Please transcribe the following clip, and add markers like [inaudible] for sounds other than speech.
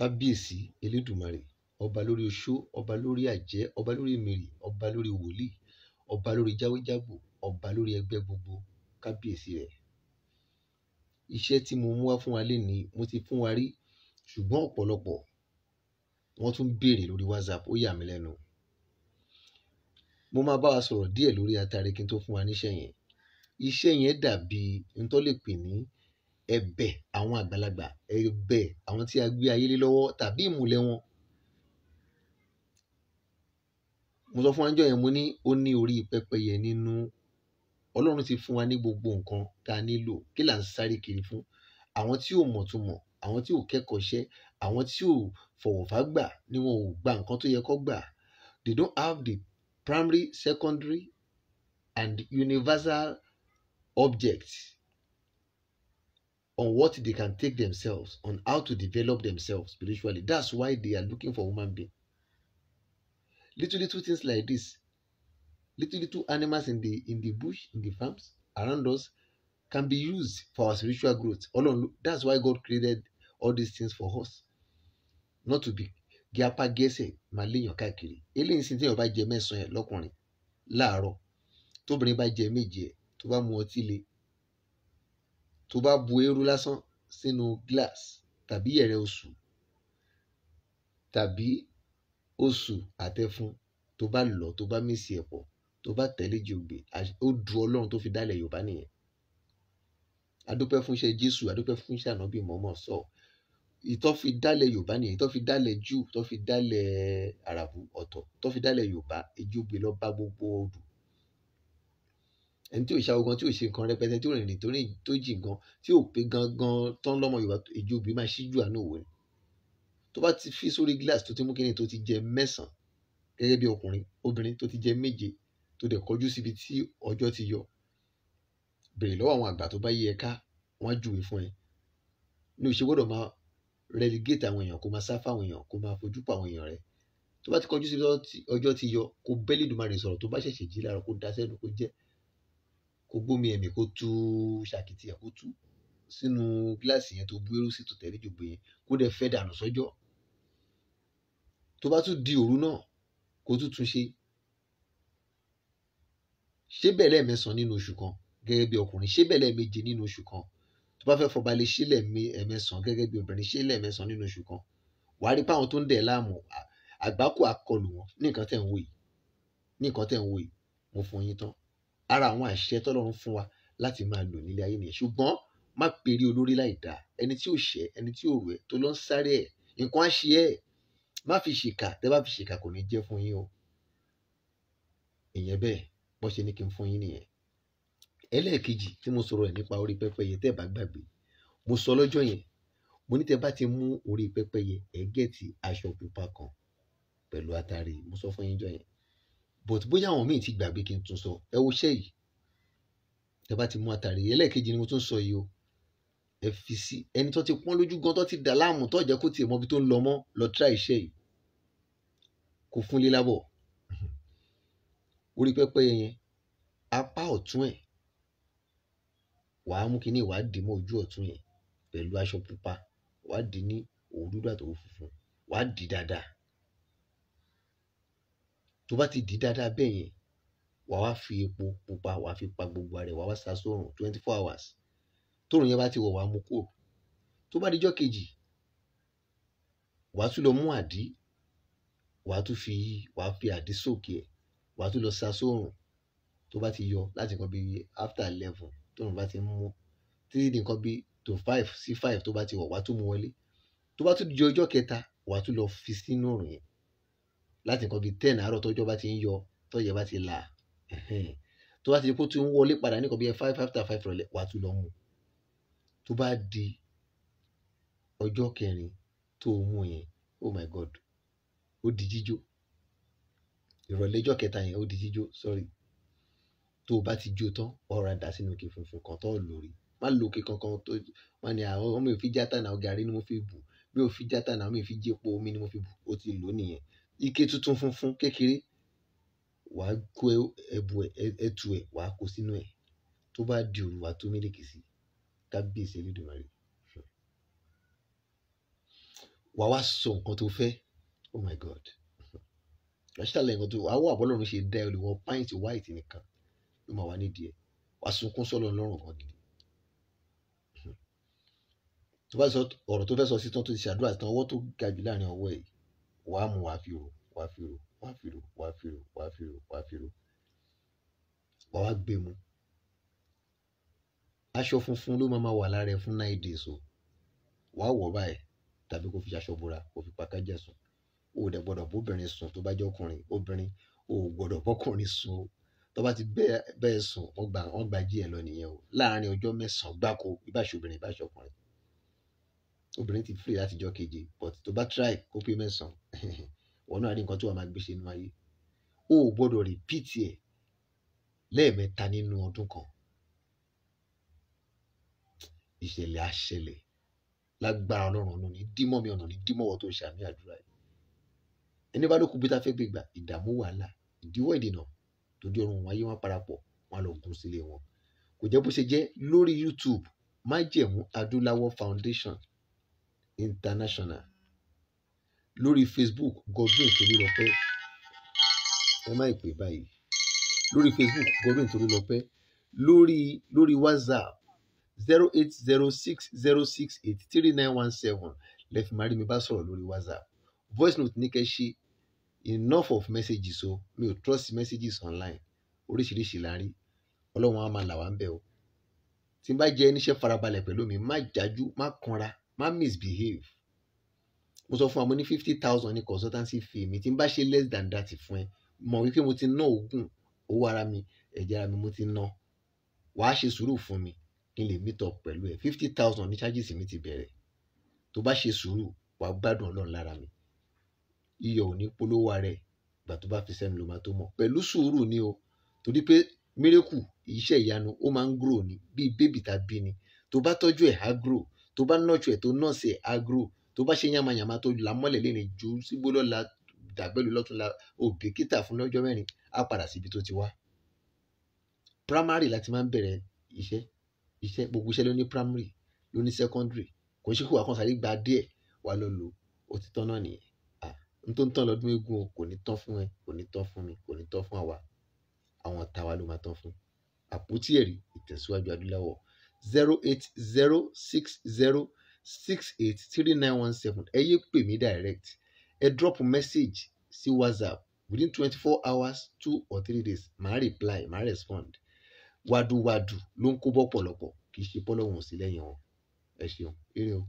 kábíyèsí elédùmarè ọba lórí oṣó ọba lórí àjẹ́ ọba lórí mìrì ọba lórí wòlíì ọba lórí jáwéjágbò ọba lórí ẹgbẹ́ gbogbo kábíyèsí rẹ̀ iṣẹ́ tí mo mú wá fún wa léni mo ti fún wa rí ṣùgbọ́n ọ̀pọ̀lọpọ̀ wọ́n tún béèrè lórí whatsapp ó yà mí lẹ́nu mo máa bá wa sọ̀rọ̀ díẹ̀ lórí atare kí tó fún wa níṣẹ́ yẹn iṣẹ́ yẹn dàbí n lè pè ní ẹ̀bẹ̀ àwọn àgbàlagbà ẹ̀bẹ̀ àwọn tí a gbé ayé lé lọ́wọ́ tàbí ìmùlẹ̀ wọn. mo sọ fún anjọ yẹn mo ní ó ní orí pẹ́pẹ́yẹ nínú Ọlọ́run ti fún wa ní gbogbo nǹkan tá a nílò kí là ń sáré kiri fún àwọn tí ò mọ̀túmọ̀ àwọn tí ò kẹ́kọ̀ọ́ ṣẹ́ àwọn tí ò fọ̀wọ̀fá gbà ni wọn ò gba nǹkan tó yẹ kó gbà they don't have the primary secondary and universal objects on what they can take themselves, on how to develop themselves spiritually. That's why they are looking for human being. Little little things like this, little little animals in the in the bush, in the farms around us, can be used for our spiritual growth. Alone, that's why God created all these things for us, not to be gé apá gẹ́sẹ̀ máa léèyàn káàkiri eléyìí sì téèyàn bá jẹ mẹ́sàn-án ẹ̀ lọ́kùnrin láàárọ̀ tóbìnrin bá jẹ méje mu ọtí le tó bá bu eérú lásán sínú glass tàbí yẹ̀rẹ̀ oṣù tàbí oṣù àtẹfun tó bá lọ tó bá mísì ẹ̀pọ̀ tó bá tẹ̀lé jògbè ó du ọlọ́run tó fi dálẹ̀ yorùbá nìyẹn adúpẹ́ fúnṣẹ́ jésù adúpẹ́ fúnṣẹ́ ànábì mọ́mọ́ sọ ìtọ́ fi dálẹ̀ yorùbá nìyẹn ìtọ́ fi dálẹ̀ jù ìtọ́ fi dálẹ̀ àràbù ọ̀tọ̀ ìtọ́ fi dálẹ̀ yorùbá ejúgbe lọ bá gbogbo odù ẹni tí ò ṣàwó gan tí ò ṣe nǹkan rẹpẹtẹ tí ò rìnrìn tó rìn tó jì gan tí ò pé gangan tán lọ́mọ Yorùbá ìjọ òbí máa ṣíjú àánú òwe ni tó bá ti fi sórí gíláàsì tó ti mú kíni tó ti jẹ mẹ́sàn-án gẹ́gẹ́ bí ọkùnrin obìnrin tó ti jẹ méje tó dẹ̀ kọjú síbi tí ọjọ́ ti yọ bèrè lọ́wọ́ àwọn àgbà tó bá yí ẹ ká wọ́n á júwe fún ẹ ní o ṣe gbọ́dọ̀ máa relegate àwọn èèyàn kó máa sá fáwọn èèyàn kó máa fojú pa àwọn èèyàn rẹ tó bá ti kọjú síbi ọjọ́ ti yọ kó bẹ́lí ìdùnmọ̀ rẹ̀ sọ̀rọ̀ tó bá ṣẹ̀ṣẹ̀ jí láàárọ̀ kó dasẹ́nu kó jẹ́ kó gbómi ẹ̀mí kó tú ṣàkìtì ẹ̀ kó tú sínú gíláàsì yẹn tó bú irú sí tòtẹ́lì jògbó yẹn kó dẹ̀ fẹ́ dànù sọ́jọ́ tó bá tún di òru náà kó tún tún ṣe ṣé bẹ́ẹ̀ lẹ́ẹ̀mẹ́sàn nínú oṣù kan gẹ́gẹ́ bí ọkùnrin ṣé bẹ́ẹ̀ lẹ́ẹ̀méje nínú oṣù kan tó bá fẹ́ fọba lè ṣe lẹ́ẹ̀mẹ́sàn gẹ́gẹ́ bí obìnrin ṣe lẹ́ẹ̀mẹ́sàn nínú oṣù kan wàá rí páwọn tó ń dẹ̀ láàmú àgbákò àkọlù wọn ní nǹkan tẹ̀ ń wò ní nǹkan tẹ̀ ń wò mo fún yín tán ara àwọn àṣẹ tọ́lọ́run fún wa láti máa lò nílé ayé nìyẹn ṣùgbọ́n má pèrè olórí láì dáa ẹni tí ò ṣẹ ẹni tí ò rẹ tó lọ ń sáré ẹ nǹkan á ṣe ẹ má fi ṣìkà tẹ́ bá fi ṣìkà kò ní jẹ́ fún yín o ìyẹn bẹ́ẹ̀ bó ṣe ní kí n fún yín nìyẹn ẹlẹ́ẹ̀kejì tí mo sọ̀rọ̀ ẹ̀ nípa orí pẹ́pẹ́yẹ tẹ́ bá gbàgbé mo sọ lọ́jọ́ yẹn mo ní tẹ́ bá ti mú orí pẹ́pẹ́yẹ ẹ gẹ̀ẹ́tì aṣọ pupa kan pẹ̀lú atari mo sọ fún yín jọ yẹn but bóyá àwọn míì ti gbàgbé kí n tún sọ ẹ wo iṣẹ́ yìí tẹ bá ti mú àtàrí ẹlẹ́ẹ̀kejì ni mo tún sọ yìí o ẹ fi sí ẹni tó ti pọ́n lójú gan tó ti dà láàmú tó jẹ́ kó tiẹ̀ mọ ibi tó ń lọ mọ́ lọ tíra iṣẹ́ yìí kò fún lílábọ̀ orí pẹ́pẹ́ yẹn apá ọ̀tún ẹ̀ wàá mú kínní wàá dì mọ́ ojú ọ̀tún yẹn pẹ̀lú aṣọ pupa wàá dì ní òwú dúdú funfun wàá dì dáadáa tó bá ti dì dáadáa bẹ́ẹ̀ yẹn wà wá fi epo pupa wà fi pa gbogbo rẹ̀ wà wá sa sóòrùn twenty four hours tóòrùn yẹn bá ti wọ̀ wá mú kúrò tó bá dijọ́ kejì wà á tún lọ mú àdí wà á tún fi wà á fi àdí sókè ẹ̀ wà á tún lọ sa sóòrùn tó bá ti yọ láti nǹkan bíi after eleven tóòrùn bá ti mú títí di nǹkan bíi to five sí five tó bá ti wọ̀ wà á tún mú wọlé tó bá tún di ọjọ́ kẹta wà á tún lọ fi sínú òrùn yẹn láti nǹkan bíi ten àárọ̀ tọ́jọ́ bá ti ń yọ tọ́jọ́ bá ti là tó bá ti di kó ti ń wọlé padà ní nǹkan bíi five after five rẹ̀ wà á tún lọ mu tó bá di ọjọ́ kẹrin tó mú yẹn oh my god ó di jíjó ìrọ̀lẹ́ ọjọ́ kẹta yẹn ó di jíjó sorry tó o bá ti jó tán ọ̀rá dà sínú òkè funfun kan tó lórí má lo òkè kankan tó wọn ni àwọn ọmọ mi ò fi játa náà gàrí ni mo fi bù mi ò fi játa náà mi ò fi jẹ́po omi ni mo fi bù ó ti lò nìyẹn ike tuntun funfun kékeré wà á kó e, ẹbu ẹtu ẹ wà á kó sínú ẹ tó bá di òru wà á tó mílìkì sí kábíyèsí Elédùmarè wà á wá sọ nǹkan tó fẹ́ oh my god wà á ṣàlàyé nǹkan tó wà á wọ àbọ́lọ́run ṣe dá ẹ olùwọ̀n pint white nìkan ló máa wà nídìí ẹ wà á sunkún sọ́lọ́ lọ́rùn kan gidi tó bá sọ ọ̀rọ̀ tó fẹ́ sọ sí tán tó ti ṣàdúrà tán ọwọ́ tó ga jù láàrin ọwọ́ yìí wàá mú wàá fi rò wàá fi rò wàá fi rò wàá fi rò wàá fi rò wàá fi rò wàá wá gbé mu aṣọ funfun ló máa wà lára ẹ fún nine days o wàá wọ̀ báyìí tàbí kó fi aṣọ bora kó fi pàkájà sùn o dẹ̀ gbọ́dọ̀ bóbìnrin sùn tó bá jẹ́ ọkùnrin obìnrin o gbọ́dọ̀ bọ́kùnrin sùn o tó bá ti bẹ́ẹ̀ sùn wọ́n gba jí ẹ lọ nìyẹn o láàárín ọjọ́ mẹ́sàn-án gbáko ìbáṣe obìnrin ìbáṣe ọkùnrin obìnrin ti free láti jọ́ keje but tó bá try kó pé mẹ́sàn-án [laughs] wọn náà rí nǹkan tó wà máa gbé ṣe nínú ayé o ò gbọ́dọ̀ repeat ẹ̀ lẹ́ẹ̀mẹ́ta nínú ọdún kan ìṣẹ̀lẹ̀ àṣẹlẹ̀ lágbára ọlọ́run ọ̀nà ní dímọ́ mi ọ̀nà ní dímọ́ wọ́n tó ṣe àmì àdúrà yìí ẹni bá ló kú bí tá a fẹ́ gbé gbà ìdààmú wàhálà ìdíwọ́ ìdènà lójú ọrùn wọn ayé wọn parapọ̀ wọn lọ gun sílé wọn kò jẹ́ bó ṣe jẹ́ lórí YouTube májẹ̀mú adúláwọ̀ foundation international lórí facebook godwin torílọpẹ́ ẹ má pè báyìí lórí facebook godwin torílọpẹ́ lórí lórí whatsapp zero eight zero six zero six eight three nine one seven lẹ́fì máa rí mi bá sọ̀rọ̀ lórí whatsapp voice note ní kẹ́ ṣe enough of messages o mi ò trust messages online oríṣiríṣi la rí ọlọ́run á máa là wá ń bẹ̀ o tí n bá jẹ́ níṣẹ́ farabalẹ̀ pẹ̀lú mi má jájú má kanra má misbehave mo sọ fún wa mo ní fifty thousand ní consultancy fee mi tí n bá ṣe less than that fún ẹ mọ̀ wípé mo ti ná ogún owó ara mi ẹ̀jẹ̀ ara mi mo ti ná wàá ṣe sùúrù fún mi kí n lè meet up pẹ̀lú ẹ fifty thousand ní charges mi ti bẹ̀rẹ̀ tó bá ṣe sùúrù wàá gbádùn ọlọ́run lára mi iyọ̀ ò ní polówó rẹ̀ ìgbà tó bá fi sẹ́nu ló máa tó mọ̀ pẹ̀lú sùúrù ni o torí pé mírèkù iṣẹ́ ìyanu ó máa ń grow ni bíi bébì tá a bí ni tó bá tọ́jú ẹ̀ á grow tó bá nọ́ọ̀tù ẹ̀ tó nọ́ọ̀sì ẹ̀ agro tó bá ṣe yamayama tó làmọ́lẹ̀ lẹ́ni ju sígbó lọ́la dàgbẹ́lu lọ́túnla òbíkítà fún lọ́jọ́ mẹ́rin á padà síbi tó ti wá. primary láti máa ń bẹ̀rẹ̀ iṣẹ́ iṣẹ́ gbogbo iṣẹ́ ló ní primary ló ní secondary kò ń ṣe kó wà kàn sáré gba díẹ̀ wà ló lò ó ti tán náà nìyẹn n tó ń tán lọ́dún eégún o kò ní tán fún ẹ kò ní tán fún mi kò ní tán fún àwa àwọn ọ̀tá wa ló máa tán fún àpótí ẹ̀rí ìtẹ̀síwájú adúláwọ̀ zero eight zero six zero six eight three nine one seven ẹ yé pè mí direct ẹ drop message sí whatsapp within twenty four hours two or three days màá reply màá respond wàdùwàdù ló ń kó bọ́ pọ̀lọpọ̀ kì í ṣe pọ́lọ́wọ̀n sí lẹ́yìn wọn ẹ ṣeun eré o.